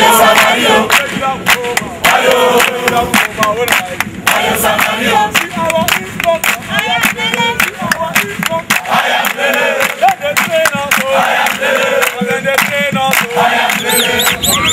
I am living.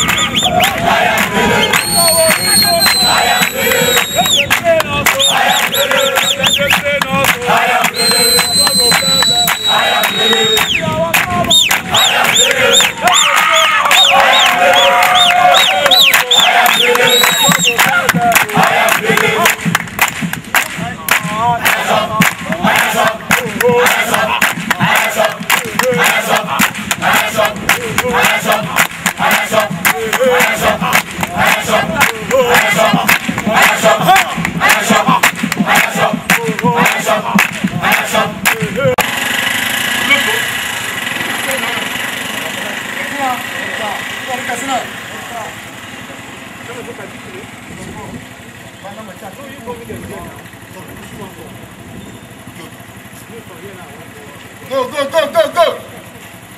Go, go, go, go, go!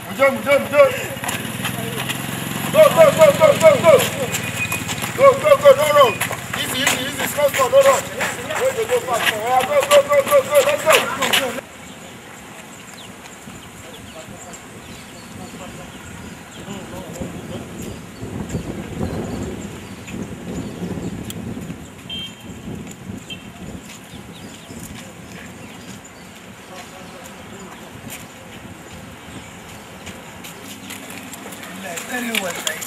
Mujur, mujur, mujur! Go, go, go, go, go, go! Go, go, go, no, no! Easy, easy, easy, slow, slow, no, no! Go, go, go, fast, go, go, go, go, go, go, let's go! Anyway.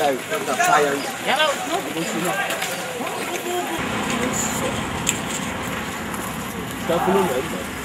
Đây, đập sai rồi. Dạ đâu. Tao cũng muốn